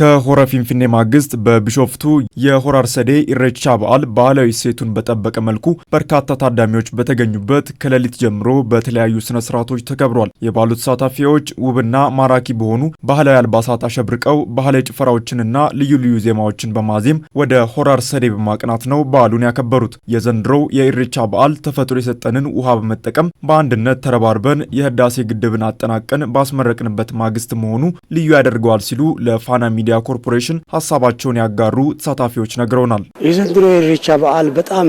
ከሆረ ፊንፊኔ ማግስት በቢሾፍቱ የሆረ አርሰዴ ኢሬቻ በዓል ባህላዊ ሴቱን በጠበቀ መልኩ በርካታ ታዳሚዎች በተገኙበት ከሌሊት ጀምሮ በተለያዩ ስነ ስርዓቶች ተከብሯል። የበዓሉ ተሳታፊዎች ውብና ማራኪ በሆኑ ባህላዊ አልባሳት አሸብርቀው ባህላዊ ጭፈራዎችንና ልዩ ልዩ ዜማዎችን በማዜም ወደ ሆረ አርሰዴ በማቅናት ነው በዓሉን ያከበሩት። የዘንድሮው የኢሬቻ በዓል ተፈጥሮ የሰጠንን ውሃ በመጠቀም በአንድነት ተረባርበን የህዳሴ ግድብን አጠናቀን ባስመረቅንበት ማግስት መሆኑ ልዩ ያደርገዋል ሲሉ ለፋና ሚዲያ ኮርፖሬሽን ሀሳባቸውን ያጋሩ ተሳታፊዎች ነግረውናል። የዘንድሮ የኢሬቻ በዓል በጣም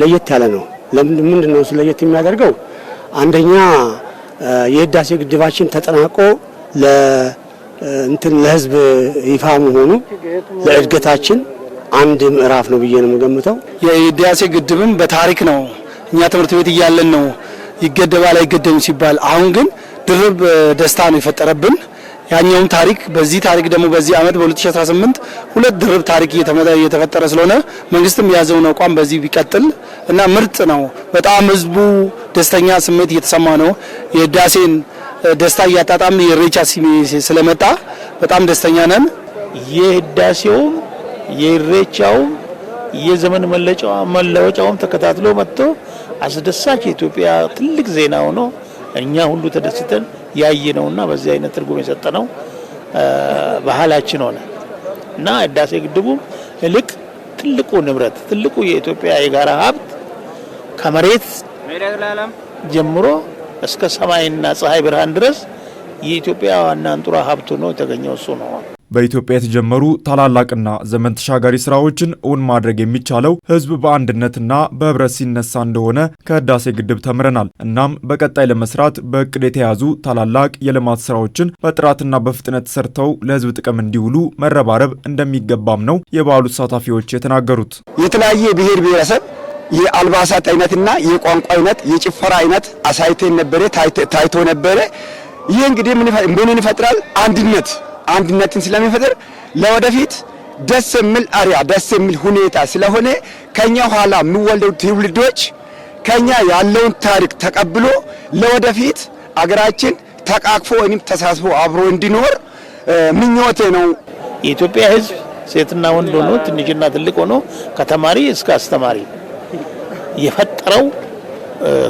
ለየት ያለ ነው። ምንድን ነው እሱ ለየት የሚያደርገው? አንደኛ የህዳሴ ግድባችን ተጠናቆ እንትን ለህዝብ ይፋ መሆኑ ለእድገታችን አንድ ምዕራፍ ነው ብዬ ነው የምገምተው። የህዳሴ ግድብም በታሪክ ነው። እኛ ትምህርት ቤት እያለን ነው ይገደባል አይገደብም ሲባል፣ አሁን ግን ድርብ ደስታ ነው የፈጠረብን። ያኛውን ታሪክ በዚህ ታሪክ ደግሞ በዚህ አመት በ2018 ሁለት ድርብ ታሪክ እየተፈጠረ ስለሆነ መንግስትም የያዘውን አቋም በዚህ ቢቀጥል እና ምርጥ ነው። በጣም ህዝቡ ደስተኛ ስሜት እየተሰማ ነው። የህዳሴን ደስታ እያጣጣም የሬቻ ስለመጣ በጣም ደስተኛ ነን። የህዳሴውም የሬቻውም የዘመን መለወጫውም ተከታትሎ መጥቶ አስደሳች የኢትዮጵያ ትልቅ ዜና ሆኖ እኛ ሁሉ ተደስተን ያይ ነውና በዚህ አይነት ትርጉም የሰጠነው ባህላችን ሆነ እና ህዳሴ ግድቡም እልቅ ትልቁ ንብረት ትልቁ የኢትዮጵያ የጋራ ሀብት ከመሬት ጀምሮ እስከ ሰማይና ፀሐይ ብርሃን ድረስ የኢትዮጵያ ዋና አንጡራ ሀብት ነው የተገኘው እሱ ነው። በኢትዮጵያ የተጀመሩ ታላላቅና ዘመን ተሻጋሪ ስራዎችን እውን ማድረግ የሚቻለው ህዝብ በአንድነትና በህብረት ሲነሳ እንደሆነ ከህዳሴ ግድብ ተምረናል። እናም በቀጣይ ለመስራት በእቅድ የተያዙ ታላላቅ የልማት ስራዎችን በጥራትና በፍጥነት ሰርተው ለህዝብ ጥቅም እንዲውሉ መረባረብ እንደሚገባም ነው የበዓሉ ተሳታፊዎች የተናገሩት። የተለያየ የብሔር ብሔረሰብ የአልባሳት አይነትና የቋንቋ አይነት የጭፈራ አይነት አሳይቶ ነበረ ታይቶ ነበረ። ይህ እንግዲህ ምን ይፈጥራል? አንድነት አንድነትን ስለሚፈጥር ለወደፊት ደስ የሚል አሪያ ደስ የሚል ሁኔታ ስለሆነ ከኛ ኋላ የሚወለዱ ትውልዶች ከኛ ያለውን ታሪክ ተቀብሎ ለወደፊት አገራችን ተቃቅፎ ወይም ተሳስቦ አብሮ እንዲኖር ምኞቴ ነው። የኢትዮጵያ ሕዝብ ሴትና ወንድ ሆኖ ትንሽና ትልቅ ሆኖ ከተማሪ እስከ አስተማሪ የፈጠረው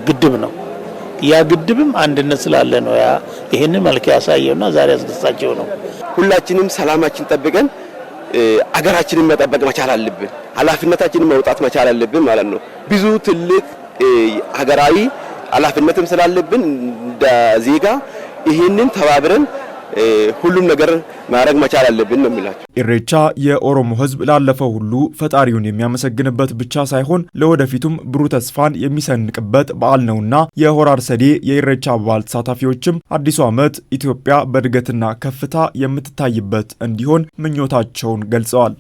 ግድብ ነው። ያ ግድብም አንድነት ስላለ ነው። ያ ይህንን መልክ ያሳየውና ዛሬ አስደሳቸው ነው። ሁላችንም ሰላማችን ጠብቀን አገራችንን መጠበቅ መቻል አለብን። ኃላፊነታችንን መውጣት መቻል አለብን ማለት ነው። ብዙ ትልቅ ሀገራዊ ኃላፊነትም ስላለብን እንደ ዜጋ ይህንን ተባብረን ሁሉም ነገር ማድረግ መቻል አለብን ነው የሚላቸው። ኢሬቻ የኦሮሞ ህዝብ ላለፈው ሁሉ ፈጣሪውን የሚያመሰግንበት ብቻ ሳይሆን ለወደፊቱም ብሩህ ተስፋን የሚሰንቅበት በዓል ነውና የሆራር ሰዴ የኢሬቻ በዓል ተሳታፊዎችም አዲሱ ዓመት ኢትዮጵያ በእድገትና ከፍታ የምትታይበት እንዲሆን ምኞታቸውን ገልጸዋል።